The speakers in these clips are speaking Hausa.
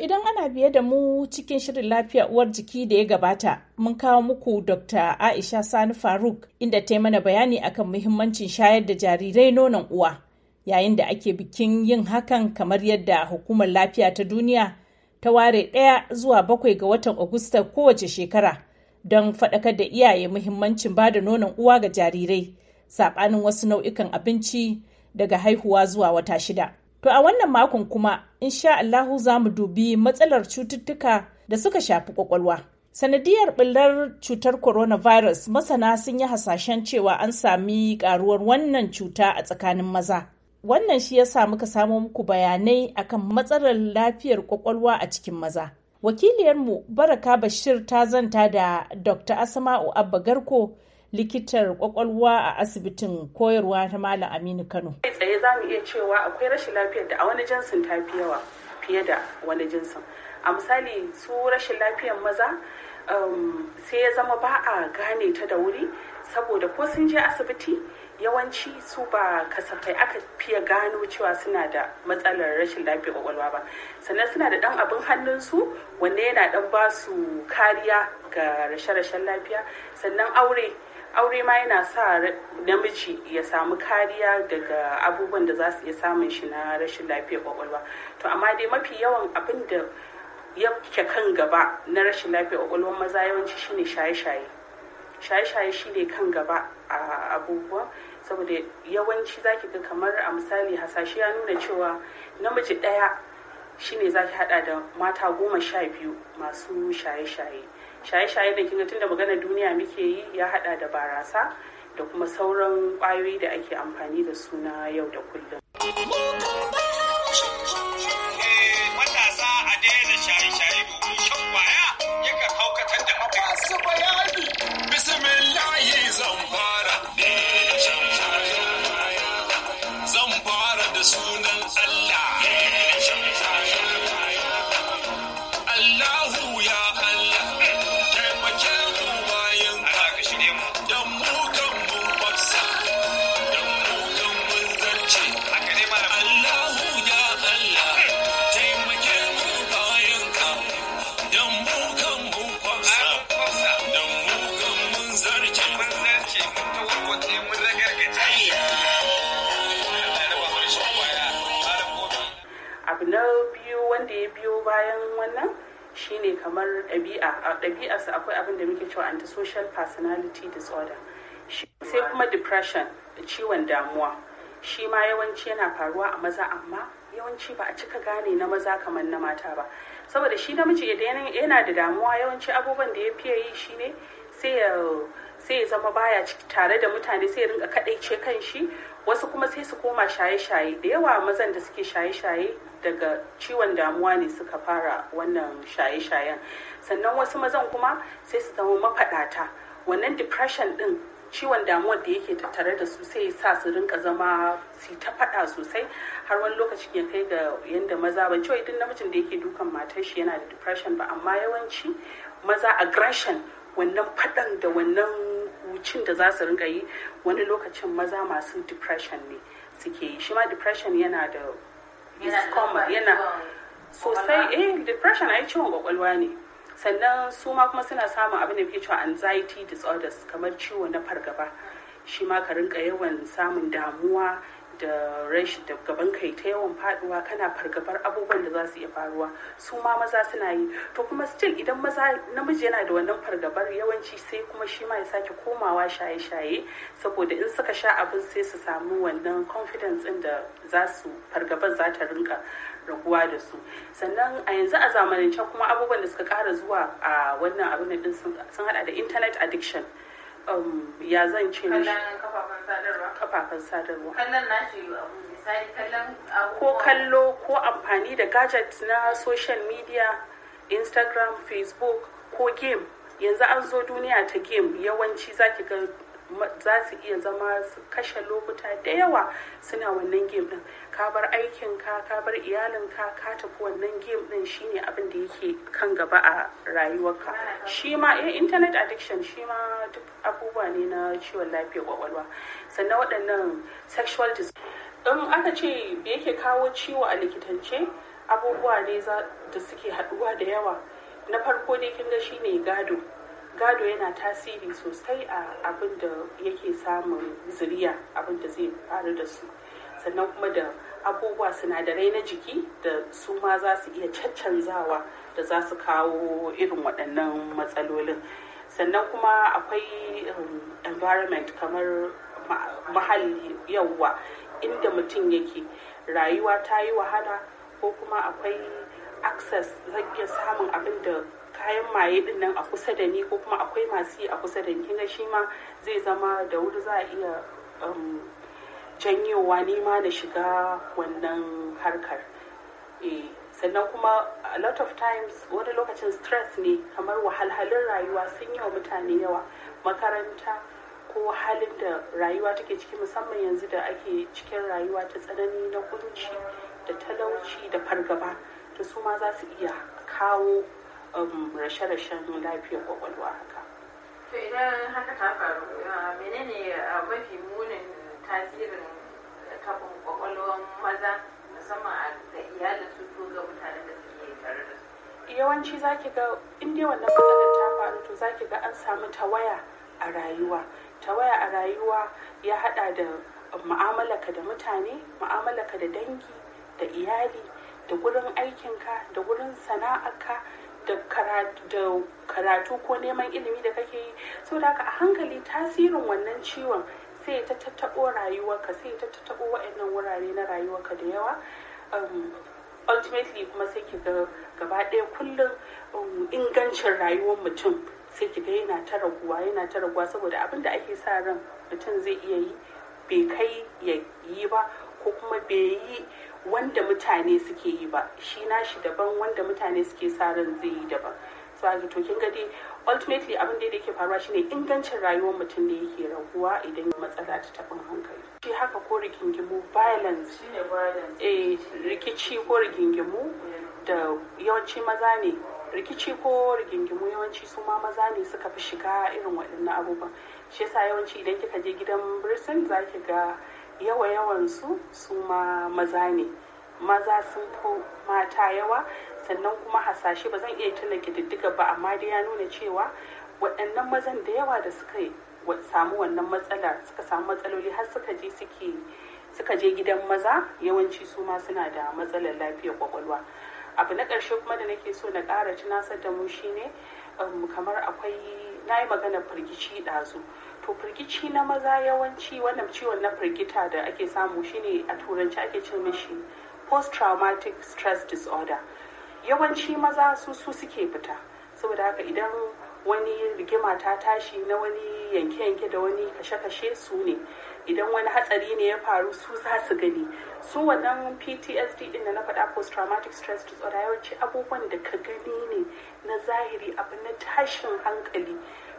idan ana biye da mu cikin shirin lafiya uwar jiki da ya gabata, mun kawo muku Dr. Aisha Sani Faruk inda ta yi mana bayani akan muhimmancin shayar da jarirai nonon uwa, yayin da ake bikin yin hakan kamar yadda hukumar lafiya ta duniya ta ware ɗaya zuwa bakwai ga watan Agusta kowace shekara don faɗakar da iyaye muhimmancin ba da nonon uwa ga jarirai, saɓanin wasu nau'ikan abinci daga haihuwa zuwa wata shida. To a wannan makon kuma, insha Allahu za mu dubi matsalar cututtuka da suka shafi kwakwalwa. Sanadiyar ɓillar cutar coronavirus masana sun yi hasashen cewa an sami ƙaruwar wannan cuta a tsakanin maza. Wannan shi ya sa muka samo muku bayanai akan matsalar lafiyar kwakwalwa a cikin maza. Wakiliyarmu Baraka Bashir ta zanta da Dr. Asma'u Abba Garko likitar kwakwalwa a asibitin koyarwa ta Malam Aminu Kano. Kai tsaye za mu iya cewa akwai rashin lafiyar da a wani jinsin ta fi yawa fiye da wani jinsin. A misali su rashin lafiyar maza um, sai ya zama ba a gane ta da wuri saboda ko sun je asibiti yawanci su ba kasafai aka fiye gano cewa suna da matsalar rashin lafiyar kwakwalwa ba sannan suna da dan abin hannunsu wanda yana dan ba su kariya ga rashe-rashen lafiya sannan aure aure ma yana sa namiji ya samu kariya daga abubuwan da za su iya samun shi na rashin lafiyar kwakwalwa to amma dai mafi yawan abin da ya ke kan gaba na rashin lafiyar kwakwalwa maza yawanci shine shaye-shaye shaye-shaye shine kan gaba a abubuwa saboda yawanci zaki ga kamar a misali hasashe ya nuna cewa namiji daya shine zaki hada da mata goma sha biyu masu shaye-shaye shaye-shaye da kinga tunda maganar duniya muke yi ya hada da barasa da kuma sauran kwayoyi da ake amfani da suna yau da kullum. abu na biyu wanda ya biyo bayan wannan shine kamar ɗabi'a a ɗabi'arsa akwai abin da muke cewa antisocial personality disorder sai kuma depression ciwon damuwa shi ma yawanci yana faruwa a maza amma yawanci ba a cika gane na maza kamar na mata ba saboda shi namiji idan yana da damuwa yawanci abubuwan da ya fiye yi shine sai ya zama baya tare da mutane sai ya rinka kadaice kan shi wasu kuma sai su koma shaye-shaye da yawa mazan da suke shaye-shaye daga ciwon damuwa ne suka fara wannan shaye-shayen sannan wasu mazan kuma sai su zama mafaɗata wannan depression ɗin ciwon damuwa da yake tattare da su sai sa su rinka zama su ta faɗa sosai har wani lokaci ya kai ga yadda maza ban ciwo idan namijin da yake dukan matar shi yana da depression ba amma yawanci maza aggression wannan faɗan da wannan wucin da za su rinka yi wani lokacin maza masu depression ne suke yi shi ma depression yana da yana sosai eh depression ai ciwon kwakwalwa ne sannan su ma kuma suna samun abin da ke cewa anxiety disorders kamar ciwo na fargaba hmm. shi ma ka rinka yawan samun damuwa da rashin da gaban kai ta yawan faduwa kana fargabar abubuwan da za su iya faruwa su ma maza suna yi to kuma still idan maza namiji yana da wannan fargabar yawanci sai kuma shi ma ya sake komawa shaye-shaye saboda in suka sha abin sai su samu wannan confidence din da za su fargabar za ta rinka raguwa da su sannan a yanzu a zamanance kuma abubuwan da suka kara zuwa a wannan abin din sun hada da internet addiction um, ya zan ce kafafen sadarwa kallon nashi misali kallon ko kallo ko amfani da gadget na social media instagram facebook ko game yanzu an zo duniya ta game yawanci zaki ga za su iya zama su kashe lokuta da yawa suna wannan game din ka bar aikin ka ka bar iyalin ka ka tafi wannan game din shine abin da yake kan gaba a rayuwarka shi ma eh, internet addiction shi ma duk abubuwa ne na ciwon lafiya kwakwalwa sannan waɗannan sexual disease in aka ce da yake kawo ciwo a likitance abubuwa ne da suke haɗuwa da yawa na farko dai kin ga ne gado gado yana tasiri sosai a abin da yake samun zuriya abin da zai faru da su sannan kuma da abubuwa sinadarai na jiki da su ma za su iya caccanzawa da za su kawo irin waɗannan matsalolin sannan kuma akwai um, environment kamar mahalli yauwa inda mutum yake rayuwa ta yi wahala ko kuma akwai access zai samun abin da kayan maye din nan a kusa da ni ko kuma akwai masu yi a kusa da ni shi ma zai zama da wuri za a iya um, janyowa nema na shiga wannan harkar eh, sannan kuma a lot of times wani lokacin stress ne kamar wahalhalin rayuwa sun yi wa mutane yawa makaranta ko halin da rayuwa take ciki musamman yanzu da ake cikin rayuwa ta tsanani na kunci da talauci da fargaba da su ma za su iya kawo Um, rashe-rashen lafiyar kwakwalwa haka to idan haka ta faru uh, menene uh, mafi munin tasirin tabin kwakwalwan maza musamman a ga iyalin su ko ga mutanen da suke tare da su yawanci zaki ga in wannan matsalar ta faru to zaki ga an samu tawaya a rayuwa tawaya a rayuwa ya hada da mu'amalaka da mutane mu'amalaka da dangi da iyali da gurin aikinka da gurin sana'arka da karatu ko neman ilimi da kake yi da haka a hankali tasirin wannan ciwon sai ta tattaɓo rayuwarka sai ta tattaɓo waɗannan wurare na rayuwarka da yawa um, ultimately kuma sai ki ga gaba ɗaya kullum um, ingancin rayuwar mutum sai ki ga yana ta raguwa yana ta raguwa saboda abin da ake sa ran mutum zai iya yi bai kai ya yi ba ko kuma bai yi wanda mutane suke yi ba shi nashi daban wanda mutane suke sa ran zai yi daban so to kin gadi ultimately abin da yake faruwa shine ingancin rayuwar mutum ne yake raguwa idan matsala ta tabin hankali shi haka ko rigingimu violence eh, rikici ko rigingimu da yawanci maza ne rikici ko rigingimu yawanci su ma maza ne suka fi shiga irin waɗannan abubuwan shi yasa yawanci idan kika je gidan birsin za ki ga yawa-yawan su su maza ne maza sun fi mata yawa sannan kuma hasashe ba zan iya tuna kididdiga ba amma dai ya nuna cewa waɗannan mazan da yawa da suka samu wannan matsalar suka samu matsaloli har suka je suke suka je gidan maza yawanci su ma suna da matsalar lafiyar kwakwalwa abu na ƙarshe kuma da nake so na ƙara tunasar da mu shine um, kamar akwai na yi magana firgici ɗazu to firgici na maza yawanci wannan ciwon na firgita da ake samu shine a turanci ake ce mishi post traumatic stress disorder yawanci maza su su suke fita saboda haka idan wani rigima ta tashi na wani yanke-yanke da wani kashe-kashe su ne idan wani hatsari ne ya faru su za su gani su wannan ptsd din da na faɗa post traumatic stress disorder yawanci abubuwan da ka gani ne na zahiri abu na tashin hankali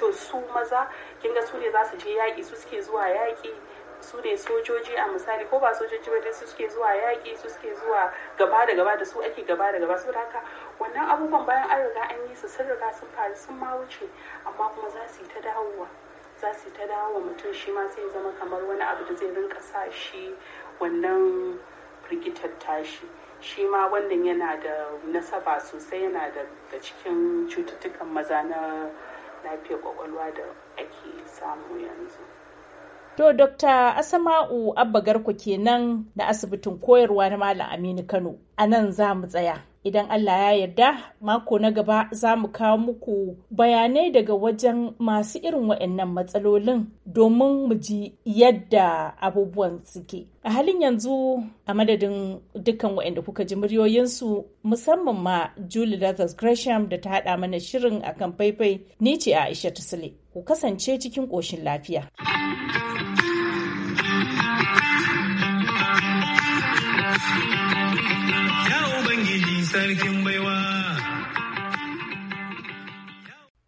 to su maza kin ga su ne za su je yaƙi su suke zuwa yaƙi su ne sojoji a misali ko ba sojoji ba dai su suke zuwa yaƙi su suke zuwa gaba da gaba da su ake gaba da gaba saboda haka wannan abubuwan bayan an riga an yi su sun riga sun faru sun ma wuce amma kuma za su yi ta dawowa za su yi ta dawowa mutum shi ma sai zama kamar wani abu da zai rinka sa shi wannan firgitar tashi shi ma wannan yana da nasaba sosai yana da cikin cututtukan maza na lafiyar kwakwalwa da ake samu yanzu. To, Dokta Asama'u Abba Garko kenan na asibitin koyarwa na Malam Aminu Kano, a nan za mu tsaya. idan Allah ya yarda mako na gaba za mu kawo muku bayanai daga wajen masu irin waɗannan matsalolin domin mu ji yadda abubuwan suke. A halin yanzu a madadin dukkan waɗanda kuka ji muryoyinsu musamman ma Julie Lathers Gresham da ta haɗa mana shirin akan faifai ni ce a Aisha Tusule. Ku kasance cikin ƙoshin lafiya.